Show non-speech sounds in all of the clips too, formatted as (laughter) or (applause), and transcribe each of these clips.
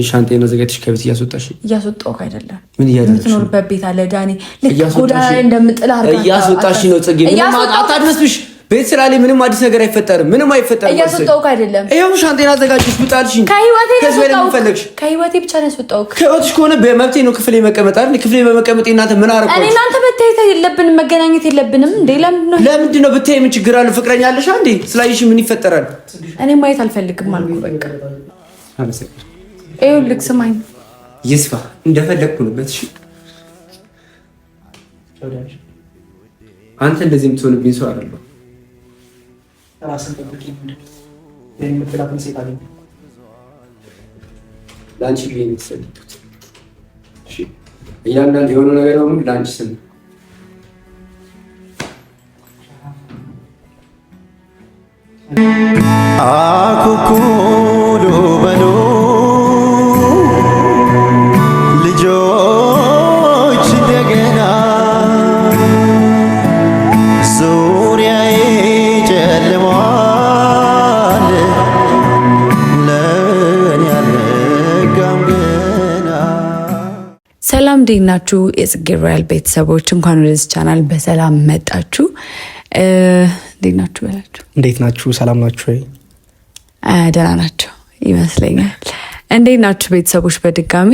ይህ ሻንጤን አዘጋጅተሽ ከቤት እያስወጣሽ እያስወጣሁ አይደለም። ምን እያደረግሽ ቤት አለ ዳኒ። ልክ እንደምጥል እያስወጣሽ ነው ጽጌ። ምንም አታድመስብሽ። ቤት ስላለ ምንም አዲስ ነገር አይፈጠርም። ምንም አይፈጠርም። አይደለም። ይኸው ሻንጤን አዘጋጅተሽ ብጣልሽኝ። ብቻ ነው ያስወጣሁት። ከህይወትሽ ከሆነ በመብቴ ነው ክፍሌ መቀመጥ አይደል? ክፍሌ በመቀመጥ እናንተ ምን አደረኳቸው? እናንተ መታየት የለብንም መገናኘት የለብንም እንዴ? ለምንድን ነው ብታይ ምን ችግር አለ? ፍቅረኛ አለሽ እንዴ? ስላየሽ ምን ይፈጠራል? እኔ ማየት አልፈልግም አልኩ በቃ። ይኸውልህ ስማኝ፣ ይስፋ እንደፈለግኩ ነበት። እሺ አንተ እንደዚህ የምትሆንብኝ ሰው አይደለሁ። ለአንቺ ብዬ ነው የተሰደድኩት። እያንዳንድ የሆነ ነገር ሆኑ ለአንቺ አኩኩሉ በሉ እንዴት ናችሁ? የጽጌ ሮያል ቤተሰቦች እንኳን ወደዚህ ቻናል በሰላም መጣችሁ። እንዴት ናችሁ በላችሁ። እንዴት ናችሁ? ሰላም ናችሁ ወይ? ደህና ናቸው ይመስለኛል። እንዴት ናችሁ ቤተሰቦች? በድጋሚ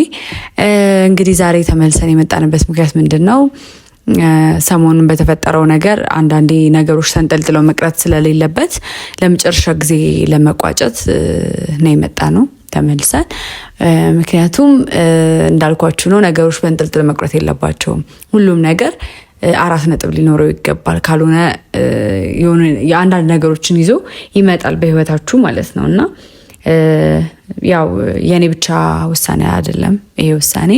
እንግዲህ ዛሬ ተመልሰን የመጣንበት ምክንያት ምንድን ነው? ሰሞኑን በተፈጠረው ነገር አንዳንዴ ነገሮች ተንጠልጥለው መቅረት ስለሌለበት ለመጨረሻ ጊዜ ለመቋጨት ነው የመጣ ነው ተመልሰን ምክንያቱም እንዳልኳችሁ ነው፣ ነገሮች በእንጥልጥል መቁረት የለባቸውም። ሁሉም ነገር አራት ነጥብ ሊኖረው ይገባል። ካልሆነ የአንዳንድ ነገሮችን ይዞ ይመጣል በህይወታችሁ ማለት ነው እና ያው የእኔ ብቻ ውሳኔ አይደለም ይሄ ውሳኔ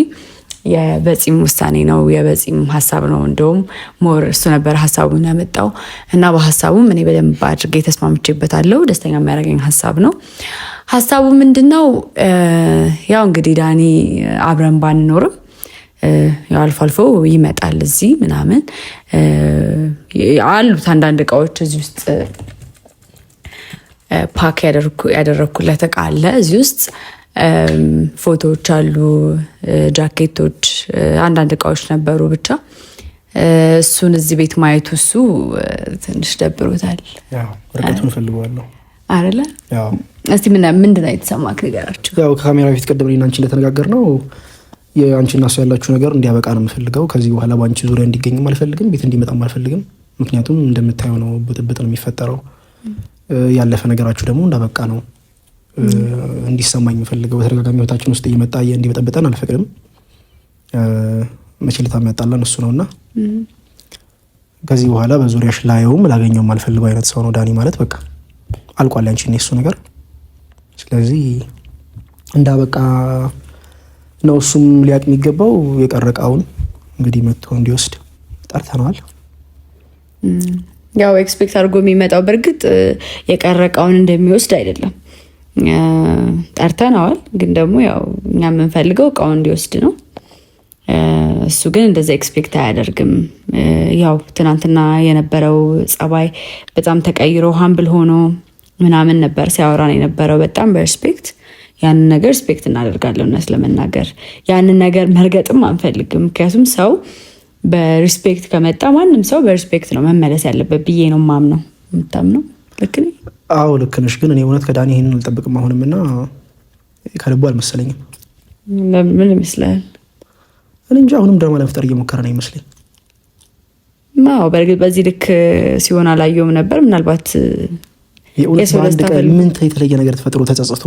የበፂም ውሳኔ ነው፣ የበፂም ሀሳብ ነው። እንደውም ሞር እሱ ነበር ሀሳቡን ያመጣው እና በሀሳቡም እኔ በደንብ አድርጌ ተስማምቼበታለሁ። ደስተኛ የሚያደርገኝ ሀሳብ ነው። ሀሳቡ ምንድን ነው? ያው እንግዲህ ዳኒ አብረን ባንኖርም ያው አልፎ አልፎ ይመጣል እዚህ ምናምን አሉት አንዳንድ እቃዎች እዚህ ውስጥ ፓክ ያደረኩለት እቃ አለ እዚህ ውስጥ ፎቶዎች አሉ፣ ጃኬቶች፣ አንዳንድ እቃዎች ነበሩ። ብቻ እሱን እዚህ ቤት ማየቱ እሱ ትንሽ ደብሮታል። ርቀቱን ፈልገዋለሁ አለ። እስቲ ምንድን ነው የተሰማክ ንገራቸው። ያው ከካሜራ በፊት ቀደም ላይ እንደተነጋገር ነው የአንቺና እሱ ያላችሁ ነገር እንዲያበቃ ነው የምፈልገው። ከዚህ በኋላ በአንቺ ዙሪያ እንዲገኝም አልፈልግም፣ ቤት እንዲመጣም አልፈልግም። ምክንያቱም እንደምታየው ነው ብጥብጥ ነው የሚፈጠረው። ያለፈ ነገራችሁ ደግሞ እንዳበቃ ነው እንዲሰማኝ የምፈልገው በተደጋጋሚ ህይወታችን ውስጥ እየመጣ እንዲበጠብጠን አልፈቅድም። መችልታ የሚያጣላን እሱ ነው እና ከዚህ በኋላ በዙሪያሽ ላየውም ላገኘውም አልፈልገው አይነት ሰው ነው ዳኒ ማለት በቃ አልቋል። ያንቺ የሱ ነገር ስለዚህ እንዳበቃ ነው እሱም ሊያቅ የሚገባው። የቀረቃውን እንግዲህ መጥቶ እንዲወስድ ጠርተነዋል። ያው ኤክስፔክት አድርጎ የሚመጣው በእርግጥ የቀረቃውን እንደሚወስድ አይደለም ጠርተነዋል። ግን ደግሞ ያው እኛ የምንፈልገው እቃውን እንዲወስድ ነው። እሱ ግን እንደዛ ኤክስፔክት አያደርግም። ያው ትናንትና የነበረው ጸባይ በጣም ተቀይሮ ሀምብል ሆኖ ምናምን ነበር ሲያወራን የነበረው በጣም በሪስፔክት ያንን ነገር ሪስፔክት እናደርጋለን። እውነት ለመናገር ያንን ነገር መርገጥም አንፈልግም። ምክንያቱም ሰው በሪስፔክት ከመጣ ማንም ሰው በሪስፔክት ነው መመለስ ያለበት ብዬ ነው ማምነው። የምታምነው ልክ ነኝ? አዎ ልክ ነሽ። ግን እኔ እውነት ከዳኒ ይሄንን አልጠብቅም አሁንም እና ከልቡ አልመሰለኝም። ምን ይመስላል? እኔ እንጂ አሁንም ድራማ ለመፍጠር እየሞከረ ነው ይመስለኝ። አዎ በእርግጥ በዚህ ልክ ሲሆን አላየውም ነበር። ምናልባት ምን የተለየ ነገር ተፈጥሮ ተጸጽቶ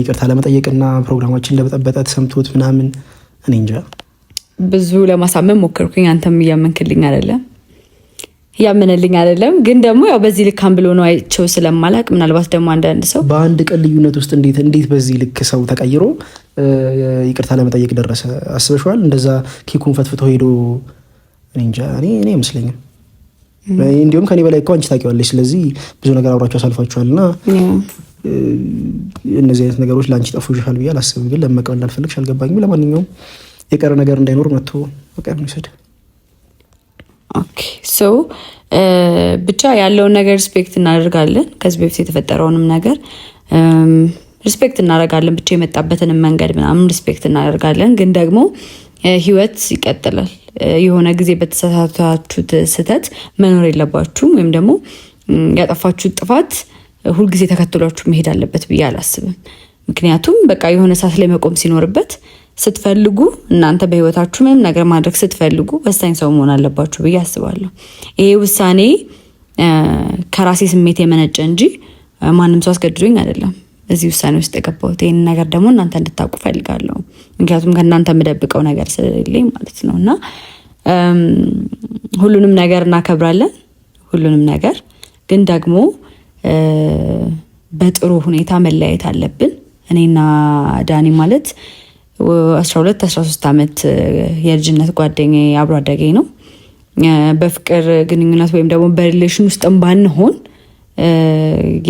ይቅርታ ለመጠየቅና ፕሮግራማችን ለበጠበጠ ተሰምቶት ምናምን እኔ እንጃ። ብዙ ለማሳመን ሞከርኩኝ፣ አንተም እያመንክልኝ አይደለም ያምንልኝ አይደለም፣ ግን ደግሞ ያው በዚህ ልክ አንብሎ ነው አይቸው ስለማላቅ ምናልባት ደግሞ አንዳንድ ሰው በአንድ ቀን ልዩነት ውስጥ እንዴት እንዴት በዚህ ልክ ሰው ተቀይሮ ይቅርታ ለመጠየቅ ደረሰ አስበሽዋል? እንደዛ ኬኩን ፈትፍቶ ሄዶ እንጃ እኔ አይመስለኝም። እንዲሁም ከኔ በላይ እኮ አንቺ ታውቂዋለሽ። ስለዚህ ብዙ ነገር አብራችሁ አሳልፋችኋል እና እነዚህ አይነት ነገሮች ለአንቺ ጠፉሻል ብዬ አላስብም። ግን ለመቀበል እንዳልፈልግሽ አልገባኝም። ለማንኛውም የቀረ ነገር እንዳይኖር መጥቶ በቃ ይውሰድ። ሰው ብቻ ያለውን ነገር ሪስፔክት እናደርጋለን። ከዚህ በፊት የተፈጠረውንም ነገር ሪስፔክት እናደርጋለን። ብቻ የመጣበትንም መንገድ ምናምን ሪስፔክት እናደርጋለን። ግን ደግሞ ህይወት ይቀጥላል። የሆነ ጊዜ በተሳሳታችሁት ስህተት መኖር የለባችሁም ወይም ደግሞ ያጠፋችሁት ጥፋት ሁልጊዜ ተከትሏችሁ መሄድ አለበት ብዬ አላስብም። ምክንያቱም በቃ የሆነ ሰዓት ላይ መቆም ሲኖርበት ስትፈልጉ እናንተ በህይወታችሁ ምንም ነገር ማድረግ ስትፈልጉ ወሳኝ ሰው መሆን አለባችሁ ብዬ አስባለሁ። ይሄ ውሳኔ ከራሴ ስሜት የመነጨ እንጂ ማንም ሰው አስገድዶኝ አይደለም እዚህ ውሳኔ ውስጥ የገባሁት። ይህን ነገር ደግሞ እናንተ እንድታውቁ ፈልጋለሁ። ምክንያቱም ከእናንተ የምደብቀው ነገር ስለሌለኝ ማለት ነው። እና ሁሉንም ነገር እናከብራለን፣ ሁሉንም ነገር ግን ደግሞ በጥሩ ሁኔታ መለያየት አለብን እኔና ዳኒ ማለት 12 1ሶስት ዓመት የልጅነት ጓደኛ አብሮ አደጌ ነው። በፍቅር ግንኙነት ወይም ደግሞ በሪሌሽን ውስጥም ባንሆን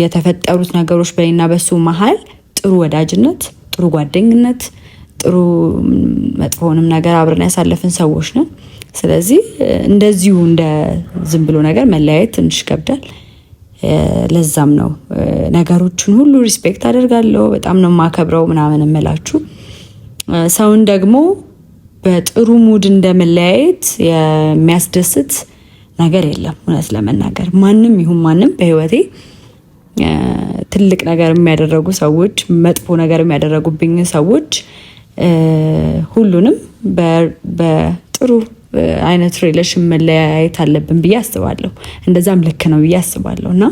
የተፈጠሩት ነገሮች በኔና በሱ መሀል ጥሩ ወዳጅነት፣ ጥሩ ጓደኝነት፣ ጥሩ መጥፎንም ነገር አብረን ያሳለፍን ሰዎች ነን። ስለዚህ እንደዚሁ እንደ ዝም ብሎ ነገር መለያየት ትንሽ ይከብዳል። ለዛም ነው ነገሮችን ሁሉ ሪስፔክት አደርጋለሁ፣ በጣም ነው የማከብረው ምናምን እምላችሁ ሰውን ደግሞ በጥሩ ሙድ እንደመለያየት የሚያስደስት ነገር የለም። እውነት ለመናገር ማንም ይሁን ማንም በህይወቴ ትልቅ ነገር የሚያደረጉ ሰዎች፣ መጥፎ ነገር የሚያደረጉብኝ ሰዎች ሁሉንም በጥሩ አይነት ሪሌሽን መለያየት አለብን ብዬ አስባለሁ። እንደዛም ልክ ነው ብዬ አስባለሁ እና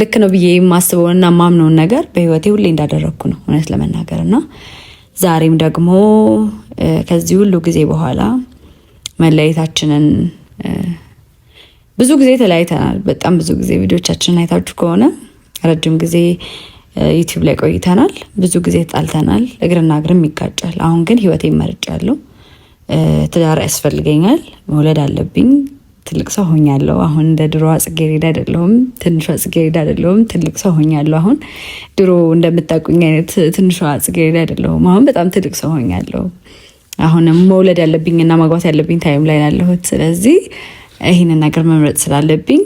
ልክ ነው ብዬ የማስበውንና ማምነውን ነገር በህይወቴ ሁሌ እንዳደረግኩ ነው እውነት ለመናገር እና ዛሬም ደግሞ ከዚህ ሁሉ ጊዜ በኋላ መለየታችንን ብዙ ጊዜ ተለያይተናል። በጣም ብዙ ጊዜ ቪዲዮቻችንን አይታችሁ ከሆነ ረጅም ጊዜ ዩቲዩብ ላይ ቆይተናል። ብዙ ጊዜ ተጣልተናል። እግርና እግርም ይጋጫል። አሁን ግን ህይወቴ መርጫለሁ። ትዳር ያስፈልገኛል። መውለድ አለብኝ። ትልቅ ሰው ሆኛለሁ። አሁን እንደ ድሮ ጽጌሬዳ አይደለሁም፣ ትንሿ ጽጌሬዳ አይደለሁም። ትልቅ ሰው ሆኛለሁ። አሁን ድሮ እንደምታውቁኝ አይነት ትንሿ ጽጌሬዳ አይደለሁም። አሁን በጣም ትልቅ ሰው ሆኛለሁ። አሁንም መውለድ ያለብኝ እና ማግባት ያለብኝ ታይም ላይ ያለሁት። ስለዚህ ይህንን ነገር መምረጥ ስላለብኝ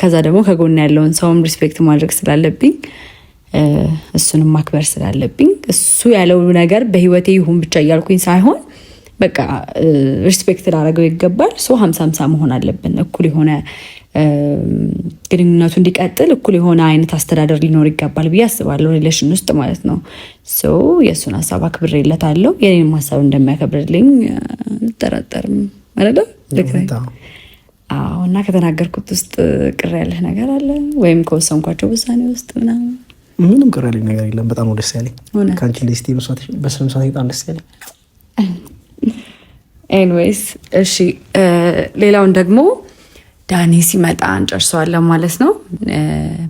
ከዛ ደግሞ ከጎን ያለውን ሰውም ሪስፔክት ማድረግ ስላለብኝ እሱንም ማክበር ስላለብኝ እሱ ያለው ነገር በህይወቴ ይሁን ብቻ እያልኩኝ ሳይሆን በቃ ሪስፔክት ላደረገው ይገባል። ሶ ሀምሳ ሀምሳ መሆን አለብን። እኩል የሆነ ግንኙነቱ እንዲቀጥል እኩል የሆነ አይነት አስተዳደር ሊኖር ይገባል ብዬ አስባለሁ፣ ሪሌሽን ውስጥ ማለት ነው። ሰው የእሱን ሀሳብ አክብሬለታለሁ። የኔንም ሀሳብ እንደሚያከብርልኝ አልጠራጠርም። አይደለም እና ከተናገርኩት ውስጥ ቅር ያለህ ነገር አለ ወይም ከወሰንኳቸው ውሳኔ ውስጥ ምናምን? ምንም ቅር ያለኝ ነገር የለም። በጣም ደስ ያለኝ ከአንቺ በስነ በስምሳት በጣም ደስ ያለኝ ኤኒዌይስ እሺ፣ ሌላውን ደግሞ ዳኒ ሲመጣ እንጨርሰዋለን ማለት ነው።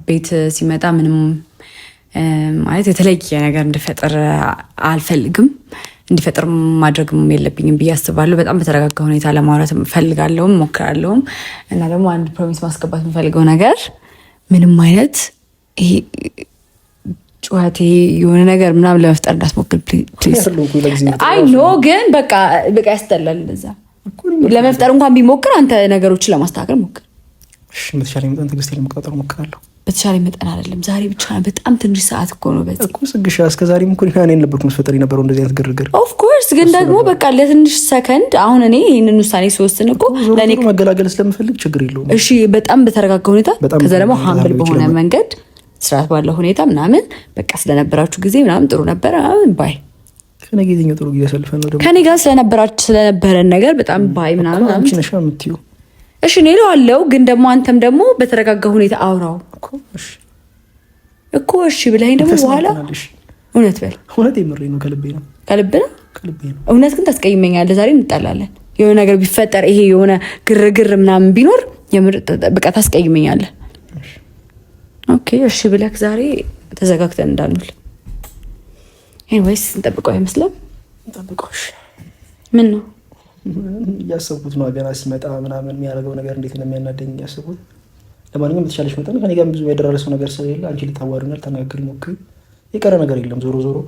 ቤት ሲመጣ ምንም ማለት የተለየ ነገር እንዲፈጠር አልፈልግም፣ እንዲፈጥር ማድረግም የለብኝም ብዬ አስባለሁ። በጣም በተረጋጋ ሁኔታ ለማውራት ፈልጋለውም ሞክራለሁም። እና ደግሞ አንድ ፕሮሚስ ማስገባት የምፈልገው ነገር ምንም አይነት ጩኸቴ የሆነ ነገር ምናምን ለመፍጠር እንዳትሞክር አይ ኖ ግን በቃ በቃ ያስጠላል። እንደዛ ለመፍጠር እንኳን ቢሞክር አንተ ነገሮችን ለማስተካከል ሞክር። በተሻለ መጠን ትዕግስት ለመቆጣጠር ሞክራለሁ። በተሻለ መጠን አይደለም ዛሬ ብቻ በጣም ትንሽ ሰዓት እኮ ነው። በዚህ እኮ ጽግሻ እስከ ዛሬም እኮ እኔ ነበርኩ መስፈጠር የነበረው እንደዚህ አይነት ግርግር። ኦፍኮርስ ግን ደግሞ በቃ ለትንሽ ሰከንድ አሁን እኔ ይህንን ውሳኔ ሲወስን እኮ ለእኔ መገላገል ስለምፈልግ ችግር የለውም። እሺ በጣም በተረጋጋ ሁኔታ ከዛ ደግሞ ሀምብል በሆነ መንገድ ስርዓት ባለው ሁኔታ ምናምን በቃ ስለነበራችሁ ጊዜ ምናምን ጥሩ ነበረ ምናምን ባይ ከኔ ጋር ስለነበራችሁ ስለነበረን ነገር በጣም ባይ ምናምን እሺ እኔ እለዋለሁ። ግን ደግሞ አንተም ደግሞ በተረጋጋ ሁኔታ አውራው እኮ እሺ ብለኸኝ ደግሞ በኋላ እውነት በል እውነት የምሬ ነው ከልቤ ነው ከልብ ነው እውነት ግን ታስቀይመኛለህ። ዛሬ እንጣላለን። የሆነ ነገር ቢፈጠር ይሄ የሆነ ግርግር ምናምን ቢኖር የምር በቃ ታስቀይመኛለህ። ኦኬ እሺ ብለክ ዛሬ ተዘጋግተን እንዳንል ወይስ እንጠብቀው አይመስልም? እንጠብቀውሽ። ምን ነው እያሰቡት ነው ገና ሲመጣ ምናምን የሚያደርገው ነገር እንዴት እንደሚያናደኝ እያሰቡት። ለማንኛውም የተቻለሽ መጠን ከኔ ጋርም ብዙ ያደራረሰው ነገር ስለሌለ አንቺ ልታዋሪናል ልታናግሪ ሞክ የቀረ ነገር የለም። ዞሮ ዞሮ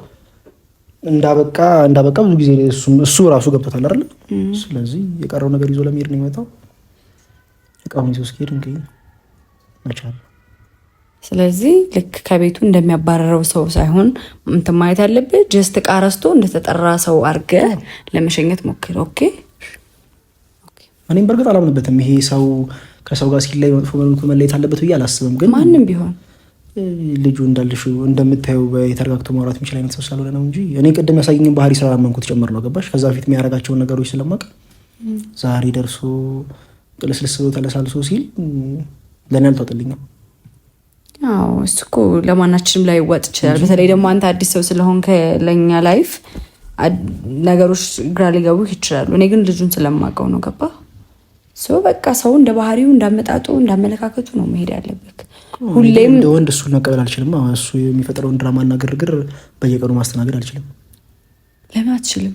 እንዳበቃ እንዳበቃ ብዙ ጊዜ እሱ ራሱ ገብቶታል አይደለ? ስለዚህ የቀረው ነገር ይዞ ለመሄድ ነው የሚመጣው። እቃሁን ይዞ እስኪሄድ እንግዲህ መቻል ስለዚህ ልክ ከቤቱ እንደሚያባረረው ሰው ሳይሆን እንትን ማየት ያለብህ ጀስት ቃረስቶ እንደተጠራ ሰው አድርገህ ለመሸኘት ሞክር። ኦኬ። እኔም በእርግጥ አላምንበትም። ይሄ ሰው ከሰው ጋር ሲለይ መጥፎ መልኩ መለየት አለበት ብዬ አላስብም። ግን ማንም ቢሆን ልጁ እንዳልሽ እንደምታየው የተረጋግቶ ማውራት የሚችል አይነት ሰው ስላልሆነ ነው እንጂ እኔ ቅድም ያሳየኝን ባህሪ ስላላመንኩት ጭምር ነው። ገባሽ? ከዛ በፊት የሚያደርጋቸውን ነገሮች ስለማቅ ዛሬ ደርሶ ቅልስልስ ተለሳልሶ ሲል ለእኔ አልተወጥልኝም። አዎ እሱ እኮ ለማናችንም ላይ ወጥ ይችላል። በተለይ ደግሞ አንተ አዲስ ሰው ስለሆን ከለኛ ላይፍ ነገሮች ግራ ሊገቡ ይችላሉ። እኔ ግን ልጁን ስለማውቀው ነው። ገባ ሰው በቃ ሰው እንደ ባህሪው እንዳመጣጡ እንዳመለካከቱ ነው መሄድ ያለበት። ሁሌም እንደ ወንድ እሱን መቀበል አልችልም። እሱ የሚፈጥረውን ድራማና ግርግር በየቀኑ ማስተናገድ አልችልም። ለምን አትችልም?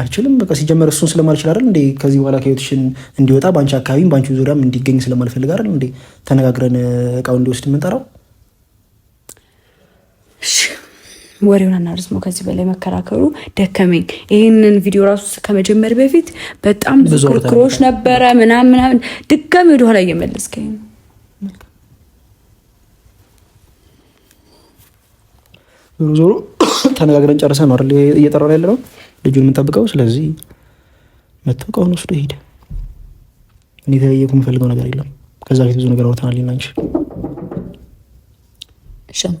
አልችልም በቃ ሲጀመር እሱን ስለማልችል አይደል እንዴ? ከዚህ በኋላ ከህይወትሽን እንዲወጣ በአንቺ አካባቢም በአንቺ ዙሪያም እንዲገኝ ስለማልፈልግ አይደል እንዴ? ተነጋግረን እቃው እንዲወስድ የምንጠራው ወሬውን አናርዝመው ከዚህ በላይ መከራከሩ ደከመኝ። ይህንን ቪዲዮ ራሱ ከመጀመር በፊት በጣም ብዙ ክርክሮች ነበረ ምናምን ምናምን፣ ድጋሚ ወደኋላ እየመለስከኝ ነው። ዞሮ ዞሮ ተነጋግረን ጨርሰን ነው አይደል? እየጠራ ያለ ነው ልጁን የምንጠብቀው። ስለዚህ መጠበቃውን ወስዶ ሄደ። እኔ የተለየ እኮ የምፈልገው ነገር የለም። ከዛ ፊት ብዙ ነገር አውርተናል። ናንሽ ሻንተ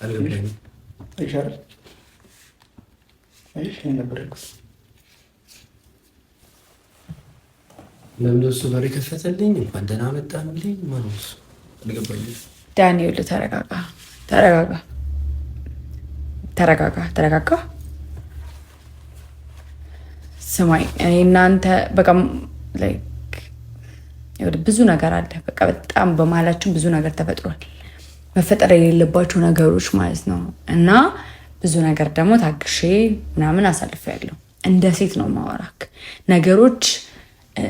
ለምን እሱ በር ከፈተልኝ? እንኳን ደህና መጣልኝ። ማነው ዳንኤል? ተረጋጋ፣ ተረጋጋ፣ ተረጋጋ፣ ተረጋጋ። ስማኝ፣ እኔ እናንተ በቃ ብዙ ነገር አለ። በቃ በጣም በመሀላችን ብዙ ነገር ተፈጥሯል። መፈጠር የሌለባቸው ነገሮች ማለት ነው። እና ብዙ ነገር ደግሞ ታግሼ ምናምን አሳልፌያለሁ። እንደ ሴት ነው ማወራክ። ነገሮች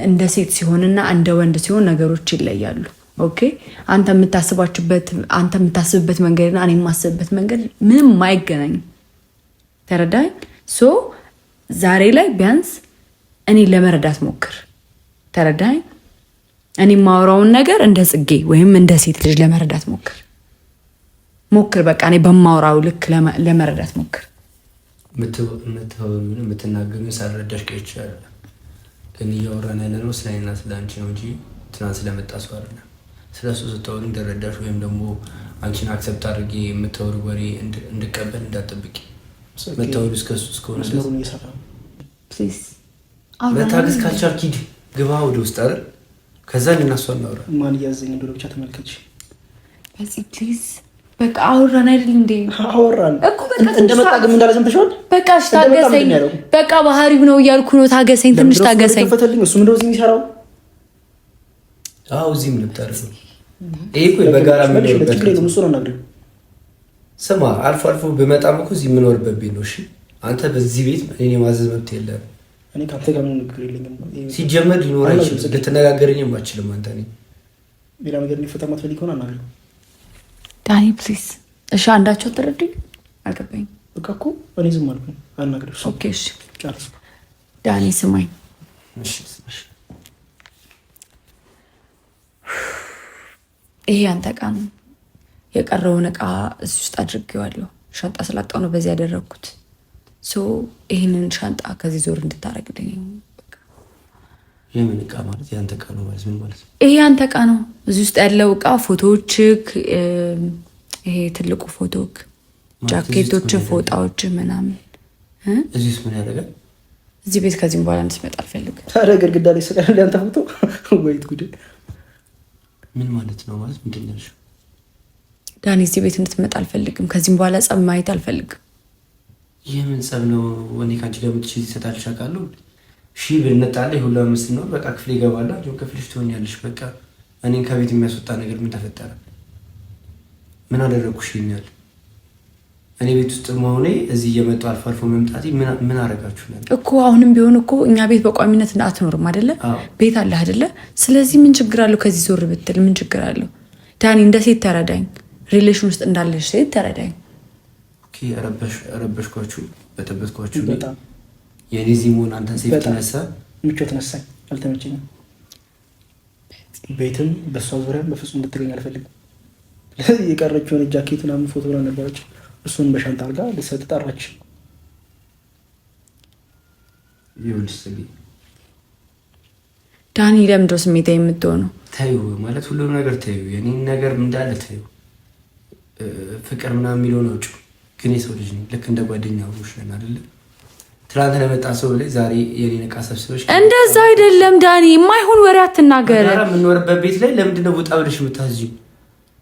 እንደ ሴት ሲሆንና እንደ ወንድ ሲሆን ነገሮች ይለያሉ። ኦኬ አንተ የምታስባችበት አንተ የምታስብበት መንገድና እኔ የማስብበት መንገድ ምንም አይገናኝም። ተረዳኝ። ሶ ዛሬ ላይ ቢያንስ እኔ ለመረዳት ሞክር። ተረዳኝ። እኔ የማወራውን ነገር እንደ ጽጌ ወይም እንደ ሴት ልጅ ለመረዳት ሞክር። ሞክር። በቃ እኔ በማውራው ልክ ለመረዳት ሞክር። የምትናገሩን ሳልረዳሽ ቀይቼ አይደለም። ግን እያወራን ያለ ነው ስለ እኔና ስለ አንቺ ነው እንጂ ትናንት ስለመጣ ሰው አይደለም። ስለ እሱ ስታወሪ እንደረዳሽ ወይም ደግሞ አንቺን አክሰብት አድርጌ የምታወሪ ወሬ እንድቀበል እንዳጠብቂ መታወሪ እስከሱ እስከሆነ መታገዝ ካልቻልክ ኪድ ግባ ወደ ውስጥ አይደል ከዛ ልናሷ እናውራ። ማን እያዘኝ እንደሆነ ብቻ ተመልከች ፕሊዝ በቃ አወራን አይደል እንዴ? አወራን እኮ በቃ እንደመጣ ግን በቃ እሺ ታገሰኝ፣ በቃ ባህሪው ነው እያልኩ ነው። ታገሰኝ፣ ትንሽ ታገሰኝ። ፈተልኝ እሱ ምንድነው እዚህ የሚሰራው? አዎ ይሄ እኮ በጋራ ስማ አልፎ አልፎ በመጣም እኮ እዚህ የምኖርበት ቤት ነው። እሺ አንተ በዚህ ቤት እኔ መብት ሲጀመር ሊኖር አይችልም። አችልም አንተ። ሌላ ነገር እንዲፈጠር ማትፈልግ ሆን አናግረው ዳኒ ፕሊስ። እሺ አንዳቸው አትረዱኝ አልገባኝ። በቃ እኮ እኔ ዝም አልኩኝ አልናግርም። ኦኬ እሺ ዳኒ ስማኝ፣ ይሄ አንተ ዕቃ ነው። የቀረውን ዕቃ እዚህ ውስጥ አድርጌዋለሁ። ሻንጣ ስላጣው ነው በዚህ ያደረግኩት። ይህንን ሻንጣ ከዚህ ዞር እንድታረግልኝ የምን እቃ ማለት ያንተ እቃ ነው ማለት ምን ማለት ነው? ይሄ ያንተ እቃ ነው። እዚህ ውስጥ ያለው እቃ ፎቶዎችክ፣ ይሄ ትልቁ ፎቶክ፣ ጃኬቶች፣ ፎጣዎች ምናምን እዚህ ውስጥ ምን ያደርጋል? እዚህ ቤት ከዚህም በኋላ እንድትመጣ አልፈልግም። ታዲያ ግድግዳ ላይ ስላለ ያንተ ፎቶ (laughs) ወይት ጉድ ምን ማለት ነው? ማለት ምንድን ነው? ዳኒ እዚህ ቤት እንድትመጣ አልፈልግም። ከዚህም በኋላ ጸብ ማየት አልፈልግም። ይህ ምን ጸብ ነው? ወኔ ከአንቺ ጋር ምትችል ይሰጣልሻ ቃለሁ ሺ ብንጣላ ሁሉ አምስት ነው። በቃ ክፍል ይገባላ እንዲሁም ክፍልሽ ትሆኛለሽ። በቃ እኔን ከቤት የሚያስወጣ ነገር ምን ተፈጠረ? ምን አደረግኩሽ ይኛል? እኔ ቤት ውስጥ መሆኔ እዚህ እየመጡ አልፎ አልፎ መምጣቴ ምን አረጋችሁ እኮ? አሁንም ቢሆን እኮ እኛ ቤት በቋሚነት አትኖርም አደለ? ቤት አለ አደለ? ስለዚህ ምን ችግር አለው? ከዚህ ዞር ብትል ምን ችግር አለው? ዳኒ እንደ ሴት ተረዳኝ። ሪሌሽን ውስጥ እንዳለሽ ሴት ተረዳኝ። ረበሽኳችሁ፣ በጠበትኳችሁ የሊዚሙን አንተን ሴፍቲ ነሳ ምቾት ነሳኝ፣ አልተመቸኝም። ቤትም በእሷ ዙሪያ በፍጹም እንድትገኝ አልፈልግም። የቀረችውን ጃኬት ምናምን ፎቶ ብላ ነበረች። እሱን በሻንጣ አርጋ ልሰጥ ጠራች። ዳኒ ለምዶ ስሜታ የምትሆነው ተዩ ማለት ሁሉም ነገር ተዩ፣ የኔ ነገር እንዳለ ተዩ። ፍቅር ምናምን የሚለውን አውጪው። ግን የሰው ልጅ ልክ እንደ ጓደኛ ሽ አይደለም ትላንት ለመጣ ሰው ላይ ዛሬ የኔን ዕቃ ሰብስበሽ፣ እንደዛ አይደለም ዳኒ። የማይሆን ወሬ አትናገረ። የምንኖርበት ቤት ላይ ለምንድን ነው ውጣ ብለሽ የምታዝዩ?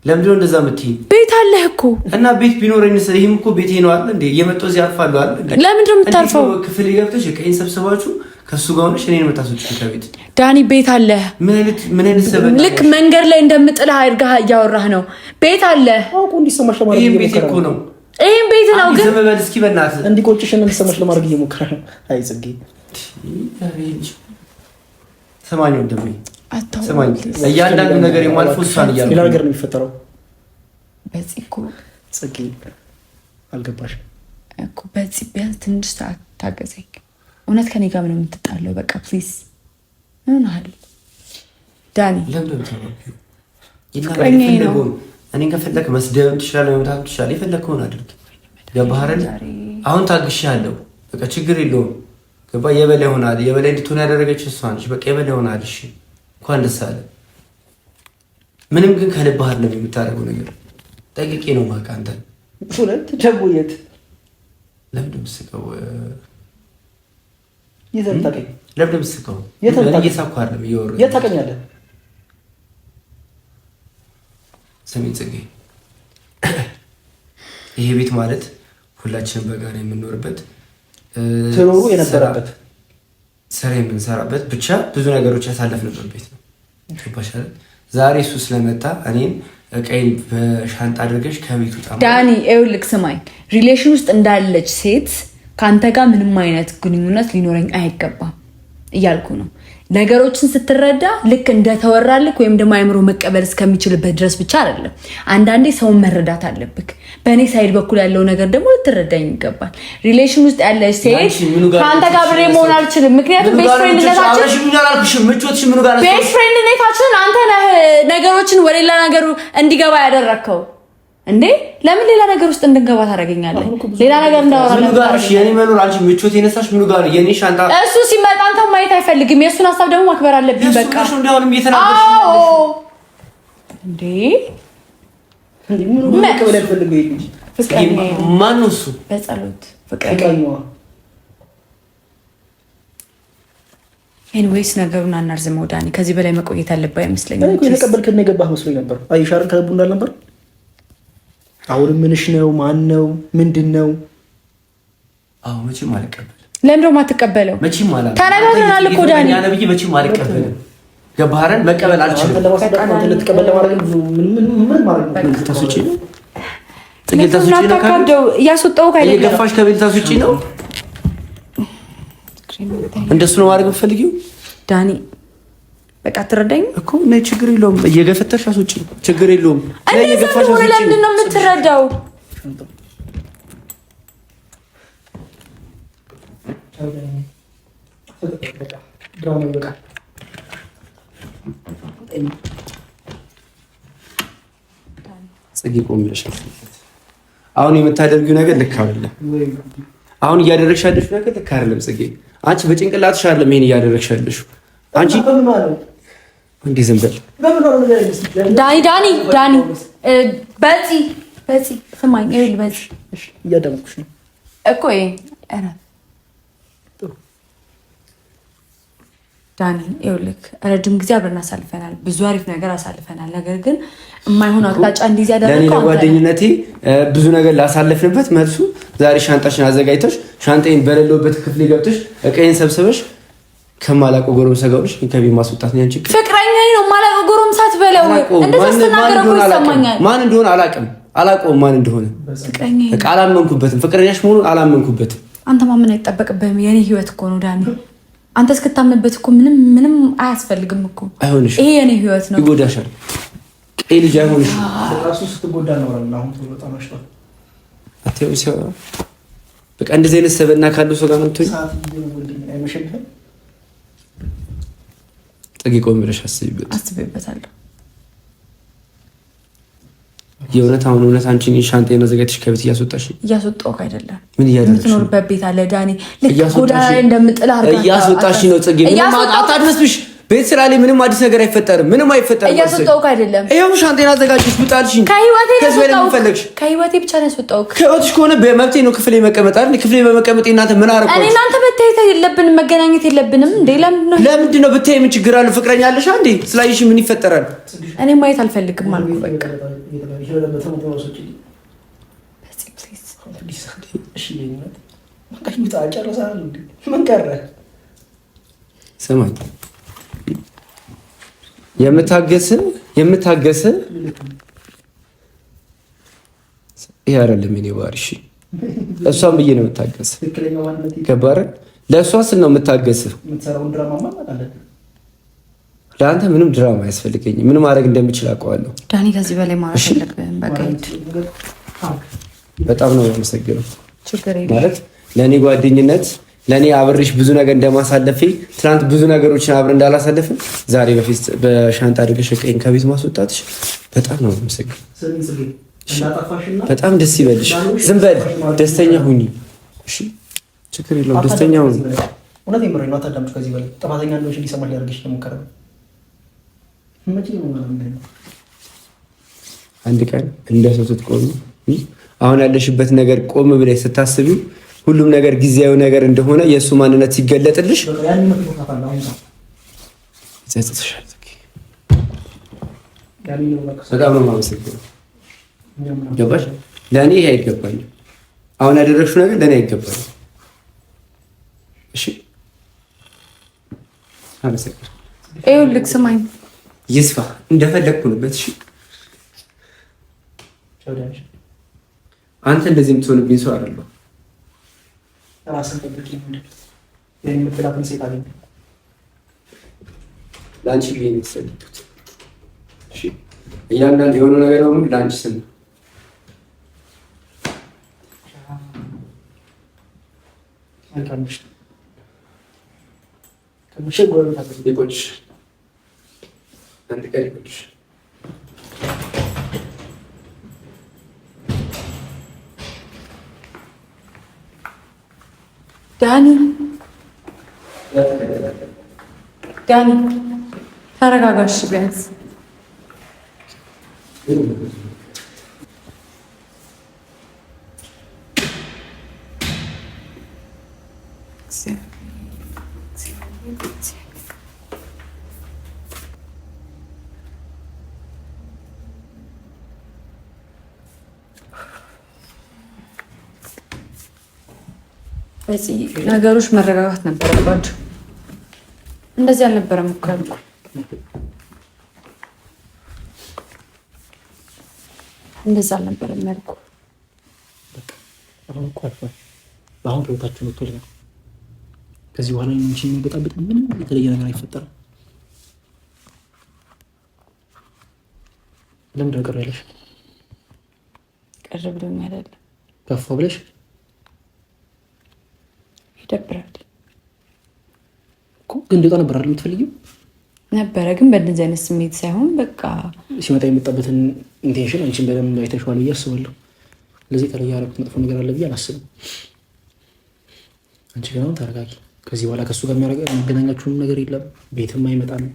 ለምንድን ነው እንደዛ የምትይኝ? ቤት አለህ እኮ እና ቤት ቢኖረኝ ይህም እኮ ቤቴ ነው አለ እንዴ። የመጣው እዚህ አርፋለሁ አለ። ለምንድን ነው የምታርፈው? ክፍል ገብተሽ ቀይን ሰብስባችሁ ከሱ ጋር ሆነሽ እኔን የምታስወጪ ከቤት ዳኒ። ቤት አለህ። ምን አይነት ሰበን ልክ መንገድ ላይ እንደምጥልህ አድርገህ እያወራህ ነው። ቤት አለህ። ቤት እኮ ነው ይህም ቤት ነው ግን ዝም በል እስኪ በእናትህ እንዲቆጭሽን እንድትሰማሽ ለማድረግ እየሞከረ ነው። አይ ፅጌ ስማኝ ወንድሜ ስማኝ፣ እያንዳንዱ ነገር የማልፈው እሷን እያልኩ ሌላ ነገር ነው የሚፈጠረው። በዚህ እኮ ፅጌ አልገባሽም እኮ በዚህ ቢያንስ ትንሽ ሰዓት ታገዘኝ። እውነት ከኔ ጋር ምንም የምትጣለው በቃ ፕሊስ ምን ሆነሃል ዳኒ? ፍቅረኛዬ ነው እኔን ከፈለክ መስደብም ትችላለህ፣ መምታትም ትችላለህ። የፈለግከውን አድርግ። ገባህ አይደል? አሁን ታግሻለሁ። በቃ ችግር የለውም። ገባ የበላይ ሆና የበላይ እንድትሆን ያደረገች እሷ ነች። በቃ የበላይ ሆና አልሽ። እንኳን ደስ አለ። ምንም ግን ከልብህ አይደለም የምታደርገው ነገር። ጠቅቄ ነው ማቃ አንተን ሁለት ደግሞ የት ለምንድን ምስቀው ለምንድን ምስቀው እየሳኩህ አይደለም እየወሩ የት ታውቀኛለህ ስሜ ጽጌ፣ ይሄ ቤት ማለት ሁላችንም በጋራ የምንኖርበት ትኖሩ የነበረበት ስራ የምንሰራበት ብቻ ብዙ ነገሮች ያሳለፍንበት ቤት ነው። ዛሬ እሱ ስለመጣ እኔም ቀይን በሻንጣ አድርገሽ ከቤቱ ዳኒ፣ ይኸውልህ ስማኝ፣ ሪሌሽን ውስጥ እንዳለች ሴት ከአንተ ጋር ምንም አይነት ግንኙነት ሊኖረኝ አይገባም እያልኩ ነው። ነገሮችን ስትረዳ ልክ እንደተወራልክ ወይም ደግሞ አይምሮ መቀበል እስከሚችልበት ድረስ ብቻ አይደለም። አንዳንዴ ሰውን መረዳት አለብክ። በእኔ ሳይድ በኩል ያለው ነገር ደግሞ ልትረዳኝ ይገባል። ሪሌሽን ውስጥ ያለ ሴት ከአንተ ጋር ብሬ መሆን አልችልም። ምክንያቱም ቤስት ፍሬንድነታችን አንተ ነገሮችን ወደሌላ ነገሩ እንዲገባ ያደረግከው እንዴ ለምን ሌላ ነገር ውስጥ እንድንገባ ታደርገኛለህ? ሌላ ነገር የኔ መኖር አንቺ ምቾት የነሳሽ ምኑ ጋር የኔ እሱ ሲመጣ አንተ ማየት አይፈልግም። የእሱን ሀሳብ ደግሞ ማክበር አለብኝ። በቃ እሱ? ኤንዌይስ ነገሩን አናርዝመው ዳኒ። ከዚህ በላይ መቆየት አለብህ አይመስለኝም። የተቀበልክ የገባህ መስሎኝ ነበር። አይሻርን ከቡ እንዳልነበር አሁን ምንሽ ነው? ማን ነው? ምንድን ነው? አዎ መቼም አልቀበልም። ለምንድነው የማትቀበለው? መቼም አላ ተረጋግተናል እኮ ዳኒ ነብይ መቼም አልቀበልም። ገባህረን መቀበል አልችልም። እየገፋሽ ከቤልታስ ውጪ ነው። እንደሱ ነው ማድረግ የምትፈልጊው ዳኒ በቃ አትረዳኝ እኮ ነይ፣ ችግር የለውም እየገፈተሽ አስወጪ፣ ችግር የለውም እየገፈተሽ አስወጪ። ለምንድን ነው የምትረዳው? ጽጌ ቆም ብለሽ አሁን የምታደርጊው ነገር ልክ አይደለም። አሁን እያደረግሽ ያለሽው ነገር ልክ አይደለም ጽጌ። አንቺ በጭንቅላትሽ አይደለም ይሄን እያደረግሽ ያለሽው አንቺ እንዲህ ዝም በል ዳኒ ዳኒ ዳኒ በፂ በፂ ስማኝ፣ ይኸውልህ በፂ እያዳመኩሽ ነው እኮ ዳኒ ይኸውልህ፣ ረጅም ጊዜ አብረን አሳልፈናል፣ ብዙ አሪፍ ነገር አሳልፈናል። ነገር ግን የማይሆን አቅጣጫ እንዲህ ያደረገው ለጓደኝነቴ ብዙ ነገር ላሳለፍንበት መልሱ ዛሬ ሻንጣሽን አዘጋጅተሽ ሻንጣዬን በሌለውበት ክፍል ገብተሽ እቃዬን ሰብስበሽ ከማላውቀው ጎረምሳ ጋር ከቤት ማስወጣት ነው ያንቺ ፍቅር እኔ ነው የማላውቀው። ሳት በለው እንደዛ ስትናገረው ይሰማኛል። ማን እንደሆነ አላውቅም፣ አላውቀውም ማን እንደሆነ በቃ አላመንኩበትም። ፍቅረኛሽ መሆኑን አላመንኩበትም። አንተ ማመን አይጠበቅብህም። የኔ ህይወት እኮ ነው ዳኒ። አንተ እስክታምንበት እኮ ምንም ምንም አያስፈልግም እኮ። አይሆንሽ፣ ይሄ የኔ ህይወት ነው። ይጎዳሻል። ቀይ ልጅ አይሆንሽም። ራሱ ስትጎዳ ነው አሁን በጣም አሽቷል። በቃ እንደዚህ አይነት ሰበና ካለው ሰው ጋር ምንትሆኝ ጽጌ ቆም ብለሽ አስቢበት። አስቢበታለሁ። የእውነት አሁን እውነት አንቺ ሻንጤን አዘጋጅተሽ ከቤት እያስወጣሽ እያስወጣሁ አይደለም። ምን እያደረግሽ የምትኖርበት አለ ዳኒ፣ ልክ ጎዳና ላይ እንደምጥል አድርጋ እያስወጣሽ ነው ጽጌ። ምንም አታድመስብሽ ቤት ስራ ላይ ምንም አዲስ ነገር አይፈጠርም። ምንም አይፈጠርም። እያስወጣሁህ አይደለም። ይኸው ሻንጤን አዘጋጅሽ ብጣልሽኝ። ከህይወቴ ብቻ ነው ያስወጣሁህ። ከህይወትሽ ከሆነ በመብቴ ነው ክፍሌ መቀመጥ አይደል? ክፍሌ በመቀመጥ እናንተ ምን አደረኩ? እኔ እናንተ መታየት የለብንም መገናኘት የለብንም እንዴ? ለምንድን ነው ነው ብታይ? ምን ችግር አለው? ፍቅረኛ አለሽ እንዴ? ስላየሽ ምን ይፈጠራል? እኔ ማየት አልፈልግም አልኩህ በቃ ስማኝ የምታገስን የምታገስ ይሄ አይደለም የኔ ባህሪ። እሺ እሷን ብዬ ነው የምታገስ። ገባህ? ለእሷ ስል ነው የምታገስ። ለአንተ ምንም ድራማ አያስፈልገኝም። ምን ማድረግ እንደምችል አውቀዋለሁ። ዳኒ፣ ከዚህ በላይ ማረግ የለብህም። በቃ ሂድ። በጣም ነው የማመሰግነው ማለት ለእኔ ጓደኝነት ለእኔ አብሬሽ ብዙ ነገር እንደማሳለፌ ትናንት ብዙ ነገሮችን አብረ እንዳላሳለፍን ዛሬ በፊት በሻንጣ አድርገሽ እቃዬን ከቤት ማስወጣትሽ በጣም ነው ምስግ በጣም ደስ ይበልሽ። ዝም በል ደስተኛ ሁኚ። እሺ፣ ችግር የለውም። ደስተኛ ሁኚ። እውነት የምሬ ነው። አታዳምጪው። ከዚህ በላይ ጥፋተኛ እንደሆንሽ እንዲሰማሽ ሊያደርግሽ የሞከረ አንድ ቀን እንደ ሰው ስትቆሚ አሁን ያለሽበት ነገር ቆም ብለሽ ስታስቢው ሁሉም ነገር ጊዜያዊ ነገር እንደሆነ የእሱ ማንነት ሲገለጥልሽ ይጸጽትሻል። በጣም ነው የማመሰግነው። ገባሽ? ለእኔ ይሄ አይገባኝም። አሁን ያደረግሽው ነገር ለእኔ አይገባኝም። እሺ፣ አመሰግናለሁ። ይኸውልህ ስማኝ፣ ይስፋ እንደፈለግኩ እሺ፣ አንተ እንደዚህ የምትሆንብኝ ሰው አይደለሁም። ራስን ጠብቅ የምትላትን ሴት አገኘ። ለአንቺ ብዬ ነው የተሰደድኩት። እያንዳንድ የሆነ ነገር በሙሉ ለአንቺ ስል ነው። አንድ ቀን ይቆይሽ ዳኒ ዳኒ ተረጋጋሽ ቢያንስ ነገሮች መረጋጋት ነበረባቸው። እንደዚህ አልነበረም እኮ ያልኩህ። እንደዚህ አልነበረም ያልኩህ። አሁን ህይወታችሁ መጥቶ ልጋ ከዚህ በኋላ ንሽ የሚበጣበጥ ምንም የተለየ ነገር አይፈጠርም። ለምንድን ነው ቅር ያለሽ? ቅር ብሎኝ አይደለም ከፋ ብለሽ ይደብራል እኮ ግን እንደዛ ነበር አይደል የምትፈልጊው ነበረ ግን በእንደዚህ አይነት ስሜት ሳይሆን በቃ ሲመጣ የመጣበትን ኢንቴንሽን አንቺን በደንብ አይተሽዋል ብዬ አስባለሁ። ለዚህ ቀለ ያደረኩት መጥፎ ነገር አለ ብዬ አላስብም። አንቺ ግን አሁን ተረጋጊ። ከዚህ በኋላ ከእሱ ጋር የሚገናኛችሁንም ነገር የለም፣ ቤትም አይመጣም፣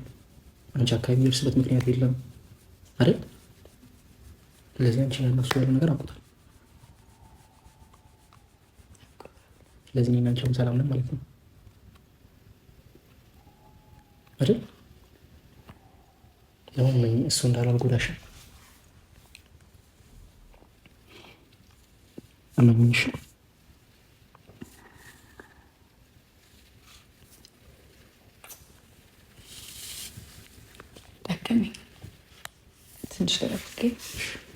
አንቺ አካባቢ የሚደርስበት ምክንያት የለም አይደል? ለዚህ አንቺ ያነሱ ያለ ነገር አውቁታል። ስለዚህ እኔና አንቺም ሰላም ነን ማለት ነው አይደል? ለማንኛውም እሱ እንዳላልጎዳሽ አመኝሽ ደከመኝ ትንሽ ደረፍኩ።